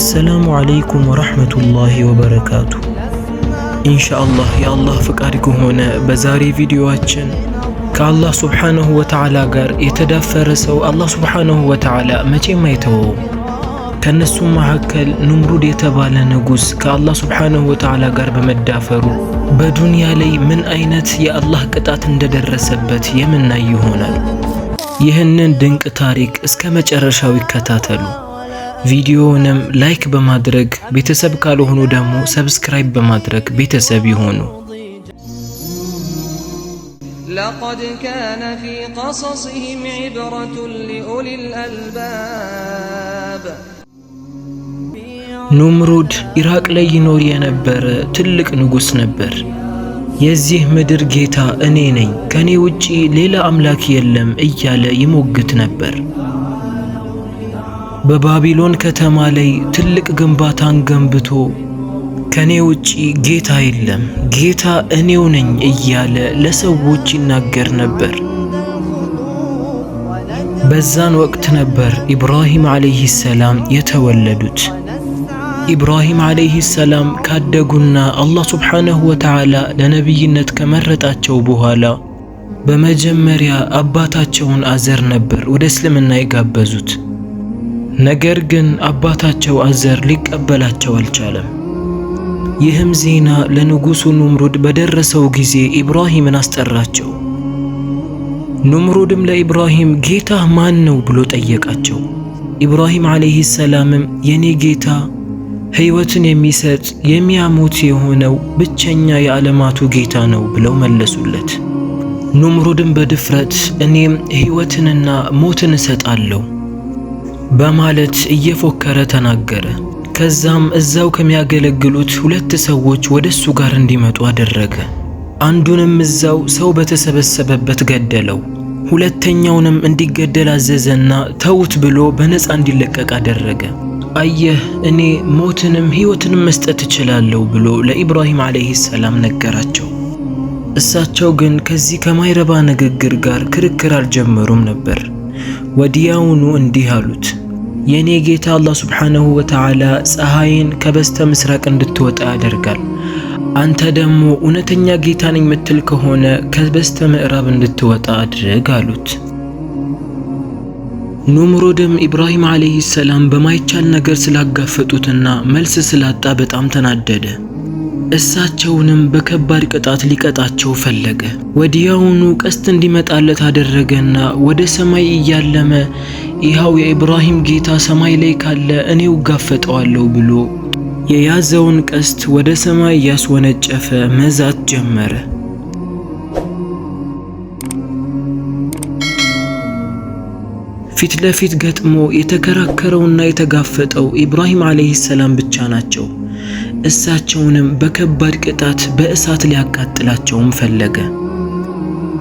አሰላሙ አለይኩም ወራህመቱላሂ ወበረካቱ። ኢንሻአላህ የአላህ ፍቃድ ከሆነ በዛሬ ቪዲዮአችን ከአላህ ሱብሓነሁ ወተዓላ ጋር የተዳፈረ ሰው አላህ ሱብሓነሁ ወተዓላ መቼም አይተወውም። ከእነሱም መካከል ኑምሩድ የተባለ ንጉሥ ከአላህ ሱብሓነሁ ወተዓላ ጋር በመዳፈሩ በዱንያ ላይ ምን አይነት የአላህ ቅጣት እንደደረሰበት የምናይ ይሆናል። ይህንን ድንቅ ታሪክ እስከ መጨረሻው ይከታተሉ። ቪዲዮውንም ላይክ በማድረግ ቤተሰብ ካልሆኑ ደግሞ ሰብስክራይብ በማድረግ ቤተሰብ ይሆኑ። ለቀድ ካነ ፊ ቀሰስህም عبرة لأولي الألباب ኑምሩድ ኢራቅ ላይ ይኖር የነበረ ትልቅ ንጉሥ ነበር። የዚህ ምድር ጌታ እኔ ነኝ፣ ከእኔ ውጪ ሌላ አምላክ የለም እያለ ይሞግት ነበር። በባቢሎን ከተማ ላይ ትልቅ ግንባታን ገንብቶ ከኔ ውጪ ጌታ የለም፣ ጌታ እኔው ነኝ እያለ ለሰዎች ይናገር ነበር። በዛን ወቅት ነበር ኢብራሂም ዓለይህ ሰላም የተወለዱት። ኢብራሂም ዓለይህ ሰላም ካደጉና አላህ ሱብሓነሁ ወተዓላ ለነቢይነት ከመረጣቸው በኋላ በመጀመሪያ አባታቸውን አዘር ነበር ወደ እስልምና የጋበዙት። ነገር ግን አባታቸው አዘር ሊቀበላቸው አልቻለም። ይህም ዜና ለንጉሡ ኑምሩድ በደረሰው ጊዜ ኢብራሂምን አስጠራቸው። ኑምሩድም ለኢብራሂም ጌታ ማን ነው ብሎ ጠየቃቸው። ኢብራሂም ዓለይህ ሰላምም የኔ ጌታ ሕይወትን የሚሰጥ የሚያሞት የሆነው ብቸኛ የዓለማቱ ጌታ ነው ብለው መለሱለት። ኑምሩድም በድፍረት እኔም ሕይወትንና ሞትን እሰጣለሁ በማለት እየፎከረ ተናገረ። ከዛም እዛው ከሚያገለግሉት ሁለት ሰዎች ወደ እሱ ጋር እንዲመጡ አደረገ። አንዱንም እዛው ሰው በተሰበሰበበት ገደለው። ሁለተኛውንም እንዲገደል አዘዘና ተውት ብሎ በነፃ እንዲለቀቅ አደረገ። አየህ እኔ ሞትንም ሕይወትንም መስጠት እችላለሁ ብሎ ለኢብራሂም ዓለይሂ ሰላም ነገራቸው። እሳቸው ግን ከዚህ ከማይረባ ንግግር ጋር ክርክር አልጀመሩም ነበር። ወዲያውኑ እንዲህ አሉት የእኔ ጌታ አላህ ሱብሓነሁ ወተዓላ ፀሐይን ከበስተ ምስራቅ እንድትወጣ ያደርጋል። አንተ ደግሞ እውነተኛ ጌታ ነኝ የምትል ከሆነ ከበስተ ምዕራብ እንድትወጣ አድርግ አሉት። ኖምሮድም ኢብራሂም ዓለይህ ሰላም በማይቻል ነገር ስላጋፈጡትና መልስ ስላጣ በጣም ተናደደ። እሳቸውንም በከባድ ቅጣት ሊቀጣቸው ፈለገ። ወዲያውኑ ቀስት እንዲመጣለት አደረገና ወደ ሰማይ እያለመ ይኸው የኢብራሂም ጌታ ሰማይ ላይ ካለ እኔው ጋፈጠዋለሁ ብሎ የያዘውን ቀስት ወደ ሰማይ እያስወነጨፈ መዛት ጀመረ። ፊት ለፊት ገጥሞ የተከራከረውና የተጋፈጠው ኢብራሂም አለይሂ ሰላም ብቻ ናቸው። እሳቸውንም በከባድ ቅጣት በእሳት ሊያቃጥላቸውም ፈለገ።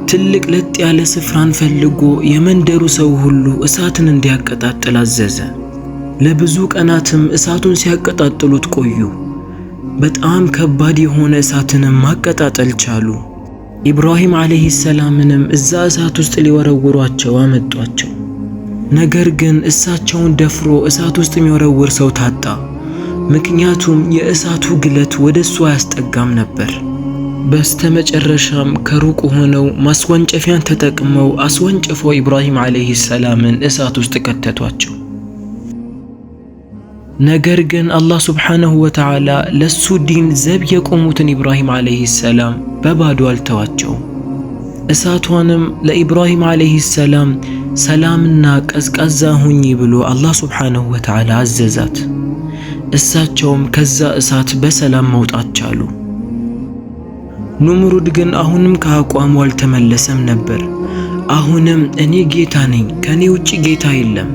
ትልቅ ለጥ ያለ ስፍራን ፈልጎ የመንደሩ ሰው ሁሉ እሳትን እንዲያቀጣጥል አዘዘ። ለብዙ ቀናትም እሳቱን ሲያቀጣጥሉት ቆዩ። በጣም ከባድ የሆነ እሳትንም ማቀጣጠል ቻሉ። ኢብራሂም ዓለይሂ ሰላምንም እዛ እሳት ውስጥ ሊወረውሯቸው አመጧቸው። ነገር ግን እሳቸውን ደፍሮ እሳት ውስጥ የሚወረውር ሰው ታጣ። ምክንያቱም የእሳቱ ግለት ወደ እሱ አያስጠጋም ነበር። በስተመጨረሻም ከሩቅ ሆነው ማስወንጨፊያን ተጠቅመው አስወንጭፈው ኢብራሂም ዓለይሂ ሰላምን እሳት ውስጥ ከተቷቸው። ነገር ግን አላህ ሱብሓነሁ ወተዓላ ለሱ ዲን ዘብ የቆሙትን ኢብራሂም ዓለይሂ ሰላም በባዶ አልተዋቸው። እሳቷንም ለኢብራሂም ዓለይሂ ሰላም ሰላምና ቀዝቃዛ ሁኚ ብሎ አላህ ሱብሓነሁ ወተዓላ አዘዛት። እሳቸውም ከዛ እሳት በሰላም መውጣት ቻሉ። ኑምሩድ ግን አሁንም ከአቋሙ አልተመለሰም ነበር። አሁንም እኔ ጌታ ነኝ፣ ከኔ ውጪ ጌታ የለም።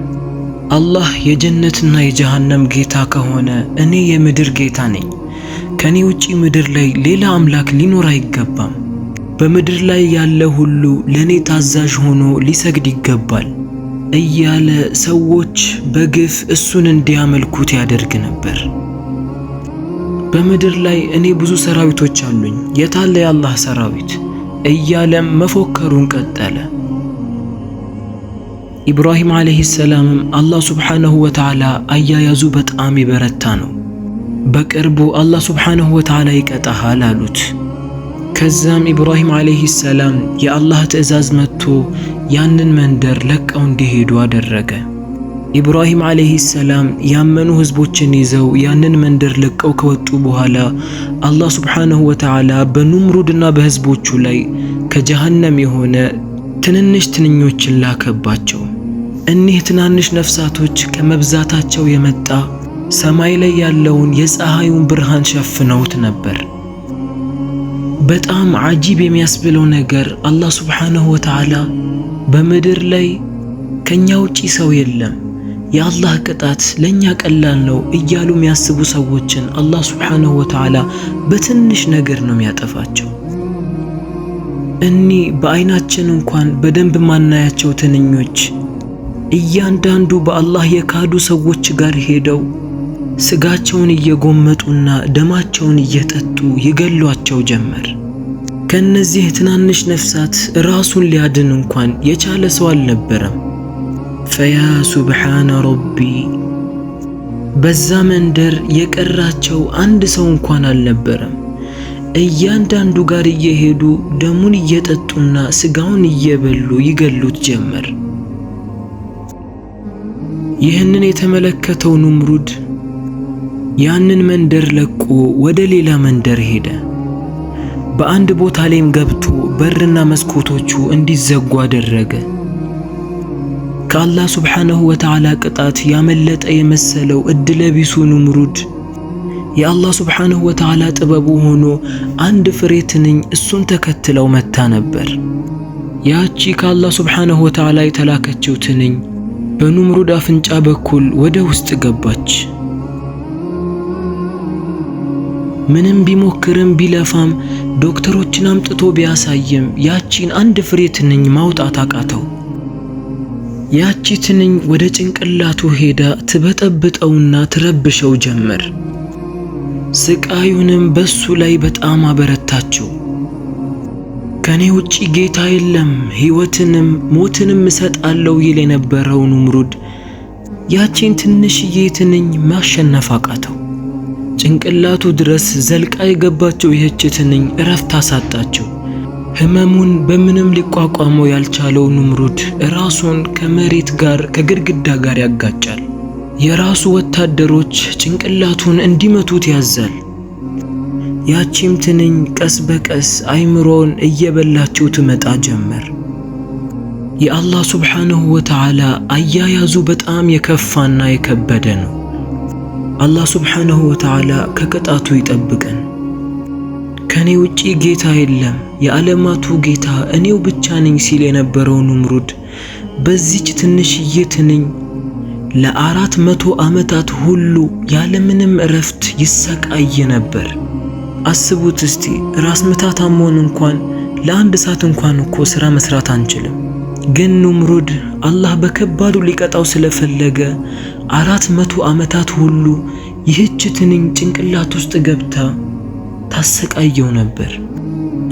አላህ የጀነትና የጀሃነም ጌታ ከሆነ እኔ የምድር ጌታ ነኝ። ከኔ ውጪ ምድር ላይ ሌላ አምላክ ሊኖር አይገባም። በምድር ላይ ያለ ሁሉ ለኔ ታዛዥ ሆኖ ሊሰግድ ይገባል። እያለ ሰዎች በግፍ እሱን እንዲያመልኩት ያደርግ ነበር። በምድር ላይ እኔ ብዙ ሰራዊቶች አሉኝ፣ የታለ የአላህ ሰራዊት እያለም መፎከሩን ቀጠለ። ኢብራሂም ዓለይሂ ሰላምም አላህ ሱብሓነሁ ወተዓላ አያያዙ በጣም ይበረታ ነው። በቅርቡ አላህ ሱብሓነሁ ወተዓላ ይቀጣሃል አሉት። ከዛም ኢብራሂም ዓለይሂ ሰላም የአላህ ትዕዛዝ መጥቶ ያንን መንደር ለቀው እንዲሄዱ አደረገ። ኢብራሂም ዓለይሂ ሰላም ያመኑ ህዝቦችን ይዘው ያንን መንደር ለቀው ከወጡ በኋላ አላህ ሱብሓነሁ ወተዓላ በኑምሩድና በህዝቦቹ ላይ ከጀሃነም የሆነ ትንንሽ ትንኞችን ላከባቸው። እኒህ ትናንሽ ነፍሳቶች ከመብዛታቸው የመጣ ሰማይ ላይ ያለውን የፀሐዩን ብርሃን ሸፍነውት ነበር። በጣም አጂብ የሚያስብለው ነገር አላህ ሱብሓነሁ ወተዓላ በምድር ላይ ከኛ ውጪ ሰው የለም፣ የአላህ ቅጣት ለኛ ቀላል ነው እያሉ የሚያስቡ ሰዎችን አላህ ሱብሓነሁ ወተዓላ በትንሽ ነገር ነው የሚያጠፋቸው። እኒ በአይናችን እንኳን በደንብ ማናያቸው ትንኞች እያንዳንዱ በአላህ የካዱ ሰዎች ጋር ሄደው ስጋቸውን እየጎመጡና ደማቸውን እየጠጡ ይገሏቸው ጀመር። ከነዚህ ትናንሽ ነፍሳት ራሱን ሊያድን እንኳን የቻለ ሰው አልነበረም። ፈያ ሱብሓነ ረቢ። በዛ መንደር የቀራቸው አንድ ሰው እንኳን አልነበረም። እያንዳንዱ ጋር እየሄዱ ደሙን እየጠጡና ስጋውን እየበሉ ይገሉት ጀመር። ይህንን የተመለከተው ኑምሩድ ያንን መንደር ለቆ ወደ ሌላ መንደር ሄደ። በአንድ ቦታ ላይም ገብቶ በርና መስኮቶቹ እንዲዘጉ አደረገ። ከአላህ ሱብሓነሁ ወተዓላ ቅጣት ያመለጠ የመሰለው እድለቢሱ ኑምሩድ የአላህ ሱብሓነሁ ወተዓላ ጥበቡ ሆኖ አንድ ፍሬ ትንኝ እሱን ተከትለው መታ ነበር። ያቺ ከአላህ ሱብሓነሁ ወተዓላ የተላከችው ትንኝ በኑምሩድ አፍንጫ በኩል ወደ ውስጥ ገባች። ምንም ቢሞክርም ቢለፋም ዶክተሮችን አምጥቶ ቢያሳይም ያቺን አንድ ፍሬ ትንኝ ማውጣት አቃተው። ያቺ ትንኝ ወደ ጭንቅላቱ ሄዳ ትበጠብጠውና ትረብሸው ጀመር። ስቃዩንም በሱ ላይ በጣም አበረታችው። ከኔ ውጪ ጌታ የለም፣ ሕይወትንም ሞትንም እሰጣለሁ ይል የነበረውን ኑምሩድ ያቺን ትንሽዬ ትንኝ ማሸነፍ አቃተው። ጭንቅላቱ ድረስ ዘልቃ የገባቸው ይህች ትንኝ እረፍት አሳጣቸው። ህመሙን በምንም ሊቋቋመው ያልቻለው ኑምሩድ ራሱን ከመሬት ጋር ከግድግዳ ጋር ያጋጫል። የራሱ ወታደሮች ጭንቅላቱን እንዲመቱት ያዛል። ያቺም ትንኝ ቀስ በቀስ አይምሮውን እየበላቸው ትመጣ ጀመር። የአላህ ሱብሓነሁ ወተዓላ አያያዙ በጣም የከፋና የከበደ ነው። አላህ ሱብሓነሁ ወተዓላ ከቅጣቱ ይጠብቀን። ከኔ ውጪ ጌታ የለም የዓለማቱ ጌታ እኔው ብቻ ነኝ ሲል የነበረው ኑምሩድ በዚች ትንሽዬ ትንኝ ለአራት መቶ ዓመታት ሁሉ ያለምንም እረፍት ይሰቃይ ነበር። አስቡት እስቲ ራስ ምታት እንኳን ለአንድ ሰዓት እንኳን እኮ ሥራ መስራት አንችልም። ግን ኑምሩድ አላህ በከባዱ ሊቀጣው ስለፈለገ አራት መቶ ዓመታት ሁሉ ይህች ትንኝ ጭንቅላት ውስጥ ገብታ ታሰቃየው ነበር።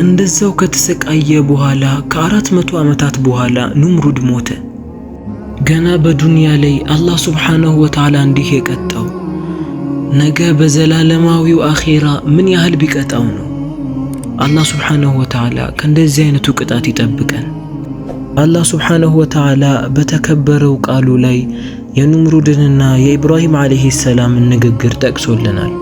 እንደዛው ከተሰቃየ በኋላ ከአራት መቶ ዓመታት በኋላ ኑምሩድ ሞተ። ገና በዱንያ ላይ አላህ ሱብሓነሁ ወተዓላ እንዲህ የቀጣው ነገ በዘላለማዊው አኼራ ምን ያህል ቢቀጣው ነው። አላህ ሱብሓነሁ ወተዓላ ከእንደዚህ አይነቱ ቅጣት ይጠብቀን። አላህ ሱብሓነሁ ወተዓላ በተከበረው ቃሉ ላይ የኑምሩድንና የኢብራሂም ዓለይሂ ሰላምን ንግግር ጠቅሶልናል።